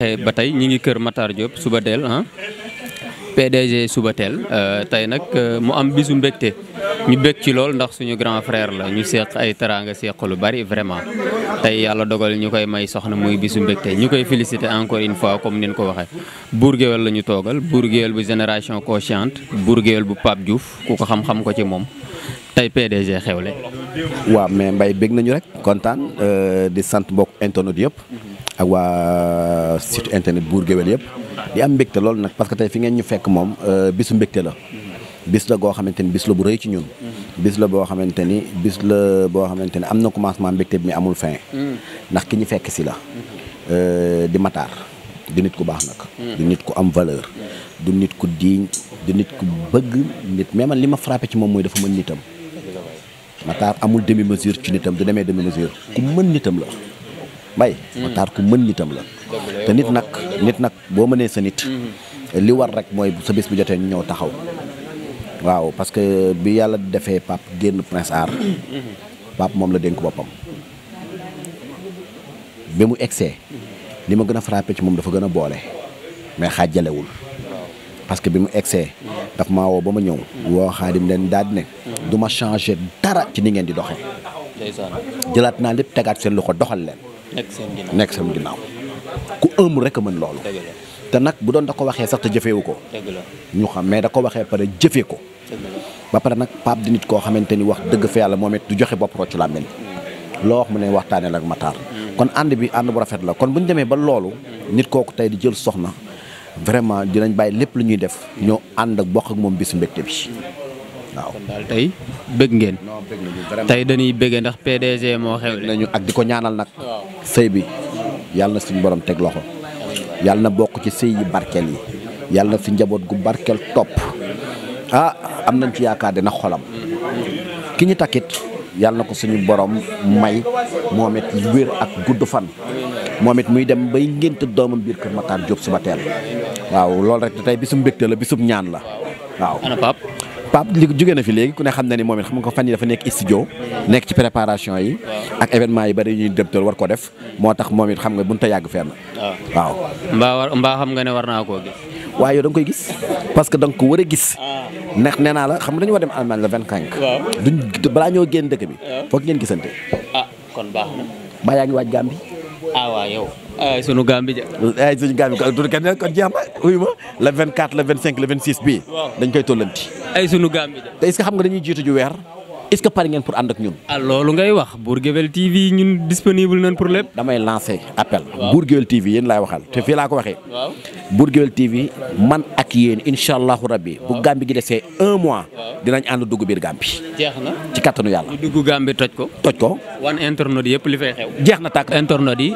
Eh, ba tey ñi ngi kër Matar Diop Soubatel ah PDG Soubatel eh, tey nag eh, mu am bisu mbégte ñu bég ci lool ndax suñu grand frère la ñu seq ay teraanga seq lu bari vraiment tey yàlla dogal ñu koy may soxna muy bisu mbégte ñu koy féliciter encore une fois comme nin ko waxee buur géwél la ñu toogal buur géwél bu génération consciente buur bu Pape Diouf ku ko xam-xam ko ci moom tey PDG xewle. waa mais mbay bég nañu rek kontaan di sant mbokk internet yëpp. ak waa site internet buur géwél yëpp di am mbégte loolu nag parce que tey fi ngeen ñu fekk moom euh, bisu mbégte la bis la goo xamante ni bis la bu rëy ci ñun bis la boo xamante ni bis la boo xamante ni am na commencement mbégte bi amul fin ndax ki ñu fekk si la euh, di mataar du nit ku baax nag du nit ku am valeur du nit ku diiñ du nit ku bëgg nit mais man li ma frappé ci moom mooy dafa mën nitam mataar amul demi mesure ci nitam du demee demi mesure ku mën nitam la mbay Matar ku mën nitam la te nit nag nit nag boo mënee sa nit li war rek mooy sa bis bu jotee ñu ñëw taxaw waaw parce que bi yàlla defee Pape génn Prince Art Pape moom la dénk boppam bi mu egsee li ma gën a frappé ci moom dafa gën a boole mais xaajalewul parce que bi mu egsee daf maa woo ba ma ñëw woo xaadim leen daal di ne duma ma changé dara ci ni ngeen di doxee ndeysaan jëlaat naa lépp tegaat seen loxo doxal leen. nekk seen ginnaaw nekk seen ginnaaw ku ëmb rek a mën loolu. te nag bu doon da ko waxee sax te jëfeewu ko. ñu xam mais da ko waxee pare jëfee ko. ba pare nag Pape di nit koo xamante ni wax dëgg fa yàlla moom it du joxe bopp rocc laa mel. Mm. loo wax mu ne waxtaanee ak Matar. Mm. kon ànd bi ànd bu rafet la kon bu ñu demee ba loolu. Mm. nit kooku tey di jël soxna. vraiment dinañ bàyyi lépp lu ñuy def. ñoo ànd ak bokk ak moom bisu mbégte bi. waaw kon daal tey bëgg ngeen. tey dañuy bëggee ndax PDG moo xew nañu ak di ko ñaanal nag. sëy bi yàlla na suñu borom teg loxo. yàlla na bokk ci sëy yi barkeel yi. yàlla na fi njaboot gu barkeel topp. ah am nañ ci yaakaar dina xolam. ki ñu takkit yàlla na ko suñu boroom may moomit it wér ak gudd fan. moom muy dem bay ngénte doomam biir Kër Matar Diop suba teel. waaw loolu rek tey bisum mbégte la bisum ñaan la waaw. Pape li jóge na fi léegi ku ne xam na ni moom it xam nga fan yi dafa nekk studio nekk ci préparation yi ak événement yi bari ñuy dëbtal war ko def moo tax moom it xam nga bunuta yàgg fenn waaw mbaa mbaa xam nga ne war naa koo gis waaye da nga koy gis parce que da war a gis ah. ndax nee naa la xam nga dañu war dem Allemagne le vingt cinq duñ balaa ñoo génn dëkk bi ah. foog ngeen gisante ah kon baax na yaa ngi waaj Gambie ah waaw yow ay ah, sunu Gambie ja ay eh, sunu Gambie kon jeex na uyu le vingt quatre le vingt cinq le vingt six bii dañ koy tollanti ay sunu Gambie de. xam nga dañuy jiitu ju weer est-ce que pare ngeen pour ànd ak ñun. ah loolu ngay wax Bour Gueweul TV ñun disponible nañ pour lépp. damay lancer appel. waaw Bour Gueweul TV yéen laay waxal te fii laa ko waxee. waaw Bour Gueweul TV man ak yéen incha allahu rabbi bu Gambie gi desee un mois. dinañ ànd dugg biir Gambie. jeex na ci kattanu yàlla. ñu toj ko. toj ko wan internet yëpp li fay jeex na tàkk internet yi.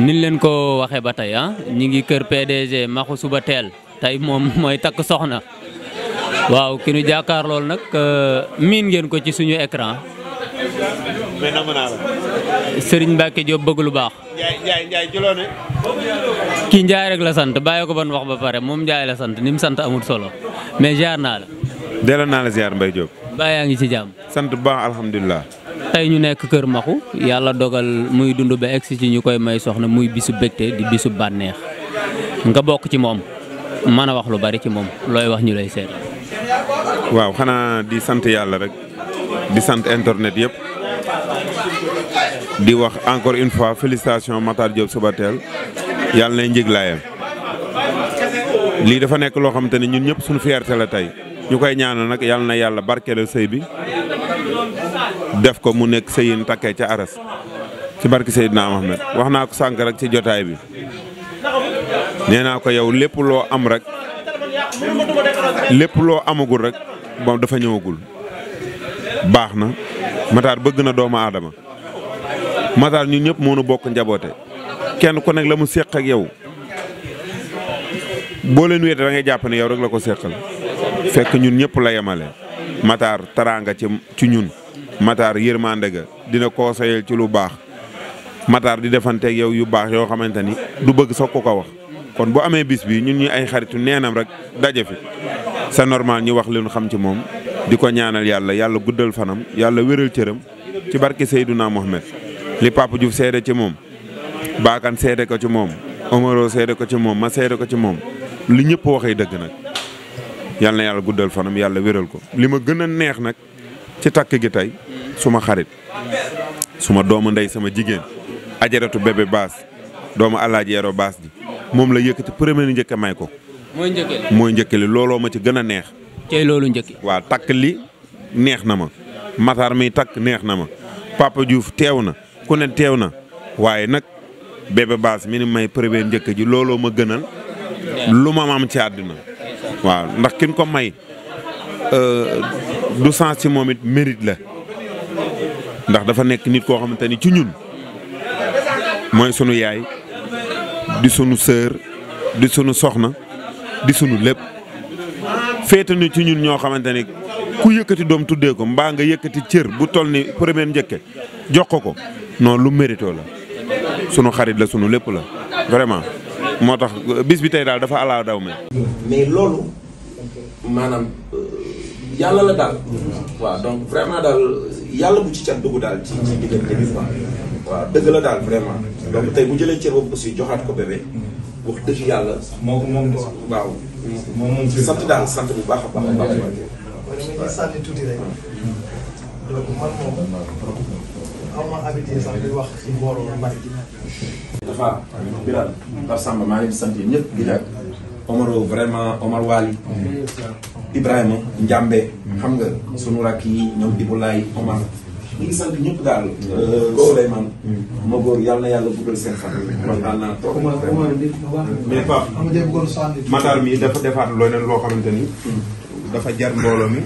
niñ leen ko waxee ba tey ah ñu ngi kër PDG Maxu Suba Teel tey moom mooy takk soxna. waaw ki ñu jàkkaar lool nag euh, miin ngeen ko ci suñu écran. mais namm naa la. Serigne Mbacke Diop bëgg lu baax. kii Ndiaye rek la sant bàyyi ko ban wax ba pare moom Ndiaye la sant ni mu sant amul solo mais ziar naa la. delloo naa la ziar Mbaye Diop. mbaa yaa ngi ci jàmm. sant bu baax alhamdulilah. tey ñu nekk Kër Maxu yàlla dogal muy dund ba egsi ci ñu koy may soxna muy bisu bégte di bisu bànneex nga bokk ci moom mën wax lu bari ci moom looy wax ñu lay seen waaw xanaa di sant yàlla rek di sant internet yëpp di wax encore une fois félicitation Matar Diop Soubatel yàlla nay njéglaayam lii dafa nekk loo xam te ne ñun ñëpp suñu fierté la tey ñu koy ñaanal nag yàlla na yàlla barkeelal sëy bi def ko mu nekk sëyin takkee ca aras ci barke Seydina Mohamed wax naa ko sànq rek ci jotaay bi nee naa ko yow lépp loo am rek lépp loo amagul rek moom dafa ñëwagul baax na Matar bëgg na doomu aadama Matar ñun ñëpp moo nu bokk njaboote kenn ku nekk la mu séq ak yow boo leen wéete da ngay jàpp ne yow rek la ko séqal fekk ñun ñëpp la yemale Matar taraanga ci ci ñun Matar yërmande ga dina conseiller ci lu baax Matar di defanteeg yow yu baax yoo xamante ni du bëgg sax ko ko wax kon bu amee bis bi ñun ñi ay xaritu neenam rek daje fi sa normal ñu wax li nu xam ci moom di ko ñaanal yàlla yàlla guddal fanam yàlla wéral cëram ci barke Seydouna Mohamed li Papa Diouf seede ci moom Baakan seede ko ci moom Omaro seede ko ci moom ma seede ko ci moom li ñëpp waxee dëgg nag yàlla yàlla guddal fanam yàlla wéral ko li ma gën a neex nag ci takk gi tey suma xarit suma doomu ndey sama jigéen ajaratu bébé baas doomu alaaji yero baas ji moom la yëkkati premier njëkk a may ko mooy njëkkale mooy looloo ma ci gën a neex. tey loolu njëkk. waaw takk li neex na ma Matar mii takk neex na ma Papa Diouf teew na ku ne teew na waaye nag Bébé Baas mi ni may premier njëkk ji looloo ma gënal. lu ma am ci àddina. waaw ndax kin ko may euh, du sens ci moom it mérite la ndax dafa nekk nit koo xamante ni ci ñun mooy sunu yaay di sunu sœur di sunu soxna. di sunu lépp féete na ci ñun ñoo xamante ni ku yëkkati doom tuddee ko mbaa nga yëkkati cër bu toll ni première njëkke jox ko ko non lu mérito la sunu xarit la sunu lépp la vraiment moo tax bis bi tey daal dafa alaa daw me mais loolu maanaam euh, yàlla la daal. waaw donc vraiment daal yàlla bu ci cat dugg daal ci ci diggante bi quoi waaw dëgg la daal vraiment donc tey bu jëlee cër boobu aussi joxaat ko bébé. wax dëgg yàlla. moo ko moom waaw. moom sant daal sant bu baax a baax a baax. waaw sànni tuuti rek. donc man moom am na habitude sax di wax ci maa ngi sant yéen ñëpp di Omar Wali. Mm-hmm. Ibrahima Njambe. xam nga sunu rakk yi ñoom Ibou Laye Omar. ñu ngi sant ñëpp daal. Euh, yàlla na yàlla seen fan. kontaan naa trop mais Pape. Matar mi dafa defaat loo leen loo xamante ni. Hmm. dafa jar mbooloo mi.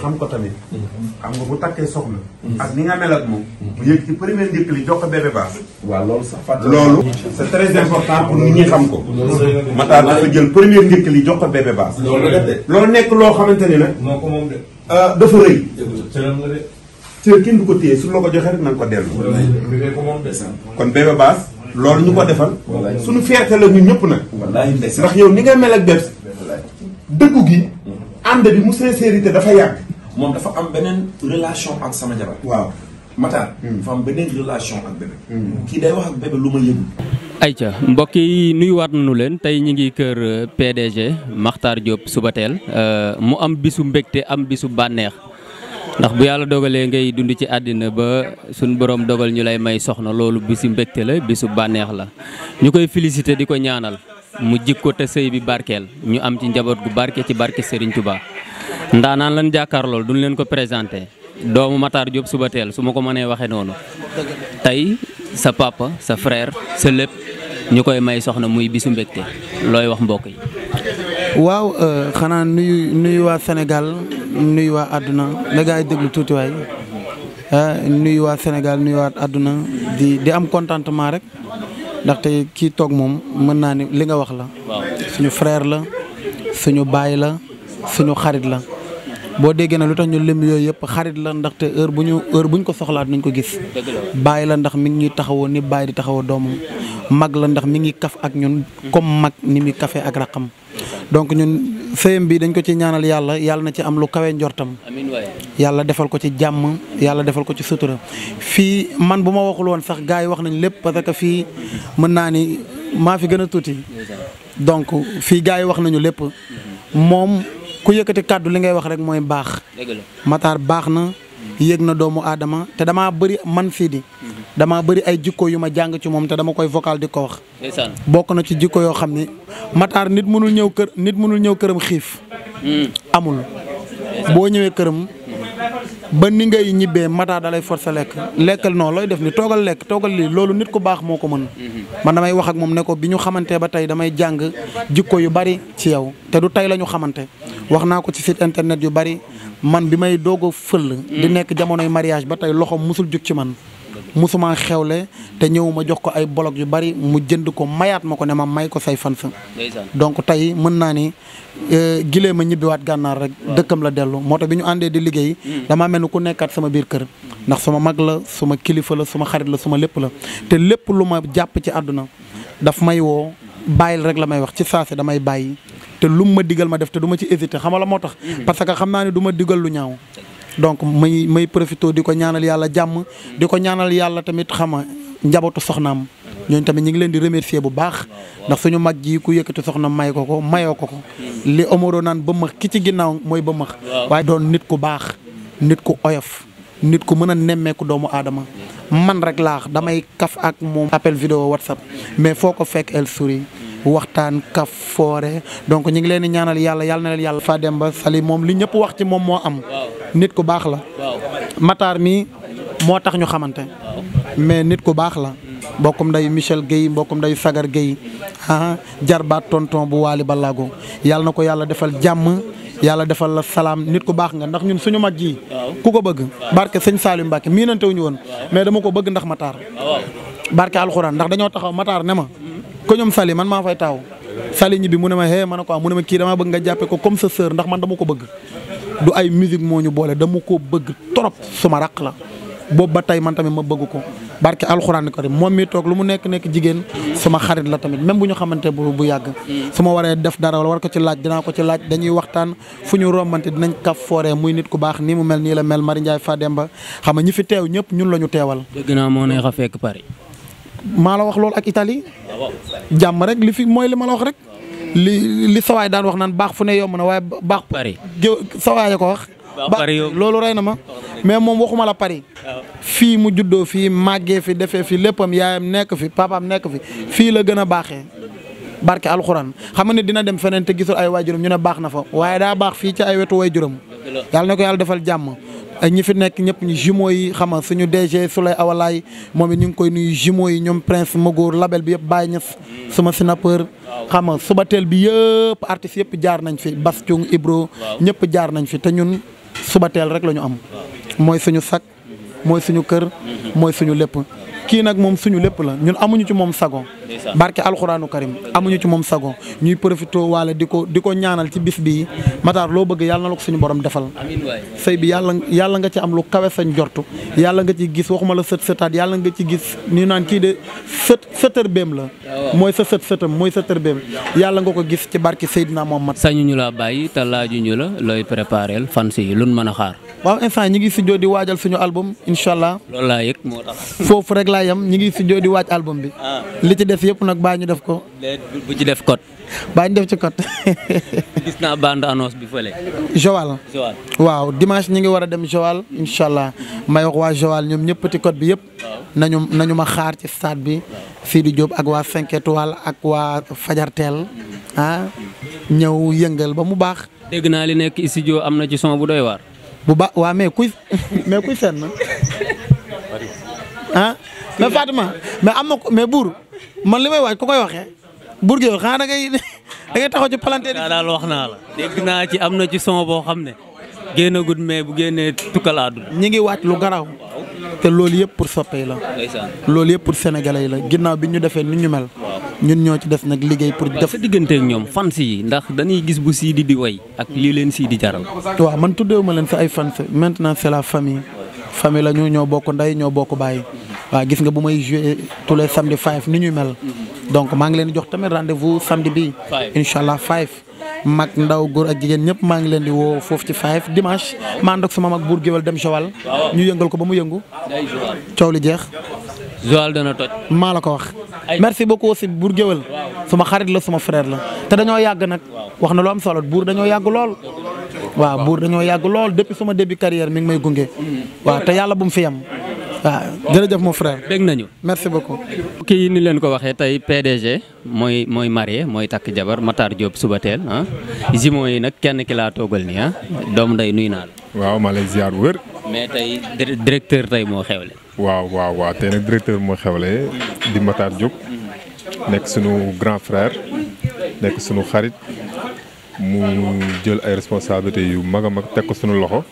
xam ko tamit. Hmm. xam nga bu takkee soxna. Hmm. ak ni nga mel ak moom. mu yëg ci premier njëkk li jox ko bébé baas. waaw loolu sa fàttali. loolu c' est très important pour nit ñi xam ko. Matar dafa jël premier njëkk li jox ko baas. loolu nekk loo xamante ni nag. moo ko de. dafa rëy. cër kenn du ko téye su loo ko joxee rek na nga ko dellu. kon bébé baas loolu ñu ko defal. suñu fierté la ñun ñëpp nag. ndax yow ni nga mel ak Bébé. dëggu gi. ànd bi mu sincérité dafa yàgg. moom dafa am beneen relation ak sama jabar. waaw Matar. dafa am beneen relation kii day wax ak bébé lu ma yëgul. ayca mbokk yi nuyuwaat nañu leen tey ñu ngi kër euh, PDG Makhtar Diop Soubatel euh, mu am bisu mbégte am bisu bànneex. ndax bu yàlla dogalee ngay dund ci àddina ba suñ borom dogal ñu lay may soxna loolu bisu mbégte la bisu bànneex la ñu koy félicité di ko ñaanal mu jikko te sëy bi barkeel ñu am ci njaboot gu barke ci barke Serigne Touba. naan lan jàkkaar lool duñ leen ko présenté doomu mataar jóob suba teel su ma ko mënee waxee noonu tey sa papa sa frère sa lépp ñu koy may soxna muy bisu mbégte looy wax mbokk yi. waaw euh, xanaa nuyu waa Sénégal. nuyu waa àdduna la gars yi déglu tuuti waay nuyu waa Sénégal nuyu àdduna di di am contentement rek ndaxte kii toog moom mën naa ni li nga wax la. suñu frère la suñu bàyyi la suñu xarit la. boo déggee ne lu tax ñu lim yooyu yëpp xarit la ndaxte heure bu ñu heure bu ñu ko soxlaat nañ ko gis. bàyyi la ndax mi ngi ñuy taxawoo ni bàyyi di taxawoo doomam. mag la ndax mi ngi kaf ak ñun comme mag ni muy kafe ak raqam. donc ñun feyam bi dañ ko ci ñaanal yàlla yàlla na ci am lu kawe njortam. amiin waay yàlla defal ko ci jàmm yàlla defal ko ci sutura. fii man bu ma waxul woon sax gars yi wax nañ lépp parce que fii mën naa ni maa fi gën a tuuti. donc fii gars yi wax nañu lépp moom ku yëkkati kàddu li ngay wax rek mooy baax. Matar baax na. yéeg na doomu aadama te damaa bëri man fii di damaa bari ay jikko yu ma jàng ci moom te dama koy vocal di ko wax bokk na ci jikko yoo xam ni Matar nit mënul ñëw kër nit mënul ñëw këram xiif hmm. amul boo ñëwee këram ba ni ngay ñibbee mataa dalay forcer lekk lekkal noonu looy def ni toogal lekk toogal lii loolu nit ku baax moo ko mën mm-hmm. man damay wax ak moom ne ko bi ñu xamante ba tey damay jàng jikko yu bari ci yow te du tey la ñu xamante wax naa ko ci site internet yu bari man bi may doog a fël di mm-hmm. nekk jamonoy mariage ba tey loxoom mosul jug ci man musuma xewle te ñëw ma jox ko ay bolog yu bari mu jënd ko mayaat ma ko ne ma may ko say fan sa donc tey mën naa ni euh, gilee ma ñibbiwaat gànnaar rek dëkkam la dellu moo tax bi ñu àndee di liggéey mm. dama mel ni ku nekkaat sama biir kër ndax suma mag la suma kilifa la suma xarit la suma lépp la te lépp lu ma jàpp ci àdduna daf may woo bàyyil rek la may wax ci saase damay bàyyi te lu ma digal ma def te du ma ci hésité xamala moo tax mm. parce que xam naa ne du digal lu ñaaw donc may may profité di ko ñaanal yàlla jàmm di ko ñaanal yàlla tamit xama njabootu soxnaam ñooñu tamit ñu ngi leen di remercier bu baax ndax suñu mag ji ku yëkkati soxna may ko ko mayoo ko ko li omoro naan ba max ki ci ginnaaw mooy ba max waaye doon nit ku baax nit ku oyof nit ku mën a nemmeeku doomu aadama man rek laax damay kaf ak moom appel vidéo whatsapp mais foo ko fekk elle sourit waxtaan kaf foore donc ñu ngi leen di ñaanal yàlla yàlla na leen yàlla fa dem ba sali moom li ñëpp wax ci moom moo am nit ku baax la Matar mii moo tax ñu xamante mais nit ku baax la mbokkum nday Michel Guèye mbokkum nday Sagar Guèye ah jarbaat tonton bu waali balaago yàlla na ko yàlla defal jàmm yàlla defal la salaam nit ku baax nga ndax ñun suñu mag ji ku ko bëgg barke sëñ Saliou Mbacke miinante wuñu woon mais dama ko bëgg ndax mataar barke alxuraan ndax dañoo taxaw Matar ne ma ko ñoom Sali man maa fay taaw Sali ñibbi mu ne ma hee ma ne ko mu ne ma kii damaa bëgg nga jàppe ko comme sa sœur ndax man dama ko bëgg du ay musique moo ñu boole dama ko bëgg trop suma raq la boobu ba tey man tamit ma bëgg ko barke alxuraan ko karim moom mi toog lu mu nekk nekk jigéen sama xarit la tamit même bu ñu xamante bu bu yàgg su ma waree def dara wala war ko ci laaj dinaa ko ci laaj dañuy waxtaan fu ñu rombante dinañ kaf foore muy nit ku baax nii mu mel nii la mel Mari Ndiaye Fademba xam nga ñi fi teew ñëpp ñun la ñu teewal. naa moo neex a fekk Paris. maa la wax loolu ak itali jàmm rek li fi mooy li ma wax rek li li sawaay daan wax naan baax fu ne yomb na waaye baax. Paris sawaay ko wax. loolu rey na ma mais moom waxuma la Paris fii mu juddoo fii màggee fi defee fi léppam yaayam nekk fi papaam nekk fi fii la gën a baaxee barke alxuraan xam nga ne dina dem feneen te gisul ay waajuram ñu ne baax na fa waaye daa baax fii ci ay wetu waajuram yàlla na ko yàlla defal jàmm ñi fi nekk ñëpp ñu jumeaux yi xam nga suñu DG Souley Awalaay moom it ñu ngi koy nuyu jumeaux yi ñoom Prince Magour label bi yëpp bàyyi ñëf mm. suma sinapeur xam nga subatel bi yëpp artistes yëpp jaar nañ fi Bass Thioung Ibro ñëpp jaar nañ fi te ñun subateel rek lañu am mooy suñu sag mooy suñu kër mm-hmm. mooy suñu lépp kii nag moom suñu lépp la ñun amuñu ci moom sago barke alxuraanu karim amuñu ci moom sago ñuy profité waale di ko di ko ñaanal ci bis bii Matar loo bëgg yàlla na la ko suñu borom defal sëy bi yàlla yàlla nga ci am lu kawe sañ jortu yàlla nga ci gis waxuma nga ci gis ñu naan kii de sët sëtër beem la ah, mooy sa sët sëtam mooy sëtër beem yàlla nga ko gis ci barke Seydina Muhammad sañu ñu la bàyyi te laaju ñu la looy préparé fans yi luñ mën a xaar waaw instant ñi ngi studio di waajal suñu album incha allah loolu laa yëg moo tax foofu rek laa yam ñi def yëpp nag baa ñu def ko. bu ci def code. baa ñu def ci code. gis naa bande annonce bi Joal. waaw dimanche ñi ngi war a dem Joal incha allah may waa Joal ñoom ñëpp ci code bi yëpp. nañu nañu ma xaar ci stade bi. fii di Diop ak waa 5 étoiles ak waa Fajarteel. Mm-hmm. ah ñëw yëngal ba mu baax. dégg naa li nekk studio am na ci son bu doy waar. bu baax waa mais kuy fenn ah. mais Fatima mais am ko mais buur man li may waaj ko koy waxee buur gi xanaa da ngay da ngay taxaw ci palanteer naa daal wax naa la dégg naa ci am na ci son boo xam ne génnagut mais bu génnee tukkalaadu. ñu ngi waaj lu garaw te loolu yëpp pour soppe la. loolu yëpp pour sénégalais la ginnaaw bi ñu defee ni ñu mel. ñun ñoo ci def nag liggéey pour. def sa digganteeg ñoom fans yi ndax dañuy gis bu Sidi di way ak lii leen Sidi jaral. waaw man tuddee ma leen sa ay fans maintenant c'est la famille. famille la ñu ñoo bokk ndey ñoo bokk bàyyi. waaw gis nga bu may joué tous les samedi five ni ñuy mel donc maa ngi leen di jox tamit rendez-vous samedi bi incha allah five mag ndaw góor ak jigéen ñëpp maa ngi leen di woo foofu ci five dimanche ma ànd ak sama mag buur géwél dem Joal ñu yëngal ko ba mu yëngu coow li jeex Joal dana maa la ko wax merci beaucoup aussi buur géwél suma xarit la suma frère la te dañoo yàgg nag wax na lu am solo buur dañoo yàgg lool waaw buur dañoo yàgg lool depuis suma début carrière mi ngi may gunge mm-hmm. waaw te yàlla bu mu fi yam waaw jërëjëf moo frère. bég nañu merci beaucoup. kii ni leen ko waxee tey PDG mooy mooy marié mooy takk jabar Matar Diop suba teel ah jumeaux yi nag kenn ki laa toogal nii ah doomu ndey nuyu naa la. waaw ma lay ziar wër. mais tey directeur tey moo xewle. waaw waaw waaw tey nag directeur moo xewle di Matar Diop. nekk sunu grand frère. nekk sunu xarit. mu jël ay responsabilités yu mag a mag teg ko sunu loxo.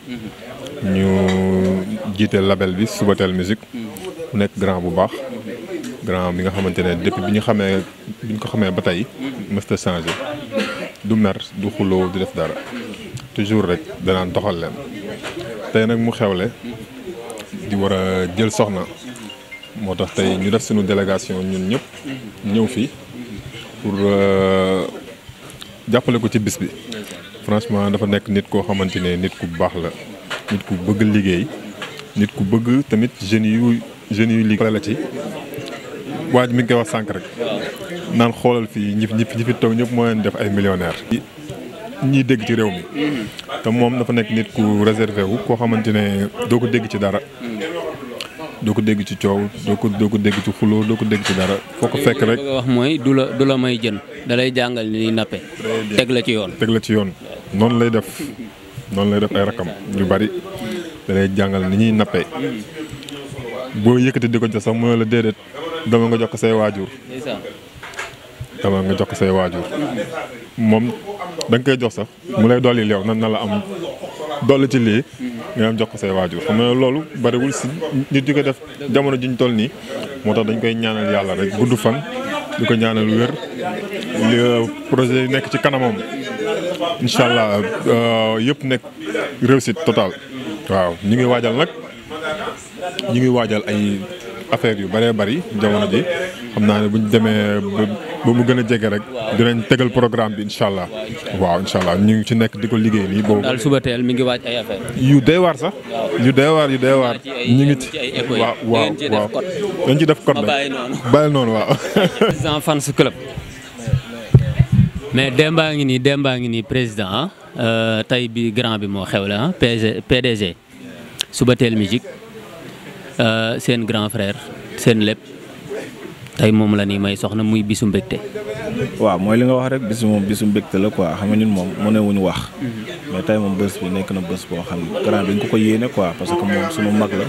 ñu jiite label bi Subatel Musique mu nekk grand bu baax grand bi nga xamante ne depuis bi ñu xamee bi ñu ko xamee ba tey mësta changé du nar du xuloo du def dara toujours rek danaan doxal leen tey nag mu xewle di war a jël soxna moo tax tey ñu def suñu délégation ñun ñëpp ñëw fii pour euh, jàppale ko ci bis bi franchement dafa nekk nit koo xamante ne nit ku baax la nit ku bëgg liggéey nit ku bëgg tamit jeunes yu jeunes yu liggéey la ci waaj mi ngi koy wax sànq rek naan xoolal fii ñi ñi ñi fi toog ñëpp moo leen def ay millionnaire ñiy dégg ci réew mi te moom dafa nekk nit ku réservé wu koo xamante ne doo ko dégg ci dara doo ko dégg ci coow doo ko doo ko dégg ci xuloo doo ko dégg ci dara foo ko fekk rek wax mooy du la du la may jën da lay jàngal ni nappe teg la ci yoon teg la ci yoon noonu lay def noonu lay def ay rakkam yu bari da lay jàngal ni ñuy nappee boo yëkkati di ko jox sax mooy la déedéet dama nga jox ko say waajur dama nga jox ko say waajur moom da koy jox sax mu lay dolli leew nan na la am dolli ci lii nga am jox ko say waajur xam nga loolu bariwul si nit di ko def jamono ji toll nii moo tax dañ koy ñaanal yàlla rek gudd fan di ko ñaanal wér li euh, projet yi nekk ci kanamam incha allah euh, yëpp nekk réussite totale. waaw ñu ngi waajal nag ñu ngi waajal ay affaire yu bëree bari jamono ji xam naa ne buñ demee ba mu gën a jege rek. dinañ tegal programme bi incha allah. waaw incha ñu ngi ci nekk di ko liggéey nii boobu. daal teel mi ngi waaj yu doy waar sax. yu deewaar waar yu doy ñu ngi ci waaw waaw waaw dañ ci def code. dañ ci def code noonu waaw. mais Demba ngi nii Demba ngi nii président euh, tey bi grand bi moo xew la ah, PDG Subatel Musique euh, seen grand frère seen lépp tey moom la nii may soxna muy bisu mbégte. waaw mooy li nga wax rek bis moom bisu mbégte la quoi xam nga ñun moom mu ne wuñu wax. Mhm. mais tey moom bés bi nekk na bés boo xam ne grand dañ ko ko yéene quoi parce que moom sunu mag la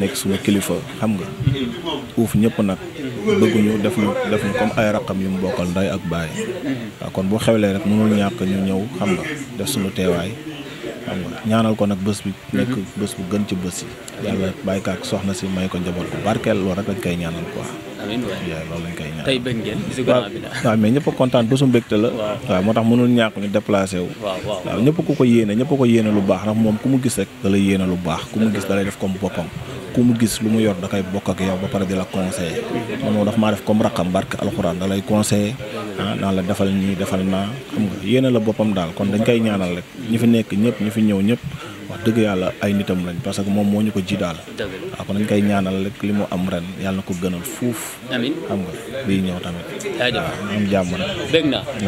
nekk sunu kilifa xam nga mhm. uuf ñëpp nag. bëgguñu def ñu def ñu comme ay raqam yu mu bokkal nday ak baay. waaw kon boo xewlee rek mënul ñàkk ñu ñëw xam nga def suñu teewaay. xam nga ñaanal ko nag bés bi. nekk bés bu gën ci bés yi. yàlla bàyyi kaak soxna si may ko njaboot bu barkeel loolu rek lañ koy ñaanal ko amiin waay loolu lañ koy ngeen gisu grand waaw mais ñëpp kontaan bésu mbégte la. waaw moo tax mënul ñàkk ñu déplacé wu. waaw waaw ñëpp ku ko yéene ñëpp ko yéene lu baax ndax moom ku mu gis rek. da yéene lu baax ku mu gis dalay lay def comme boppam. ku mu gis lu mu yor da koy bokk ak yow ba pare di la conseiller man moom dafa maa def comme raqam barke alxuraan da lay conseiller ah la defal nii defal naa xam nga yéene la boppam daal kon dañ koy ñaanal rek ñi fi nekk ñëpp ñu fi ñëw ñëpp wax dëgg yàlla ay nitam lañ parce que moom moo ñu ko ji daal waaw ah, kon dañ koy ñaanal rek li mu am ren yàlla na ko gënal fuuf amiin xam nga bii ñëw tamit waaw ah, am jàmm rek